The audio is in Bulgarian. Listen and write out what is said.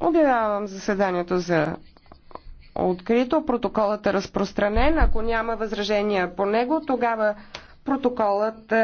Обявявам заседанието за открито. Протоколът е разпространен. Ако няма възражения по него, тогава протоколът е-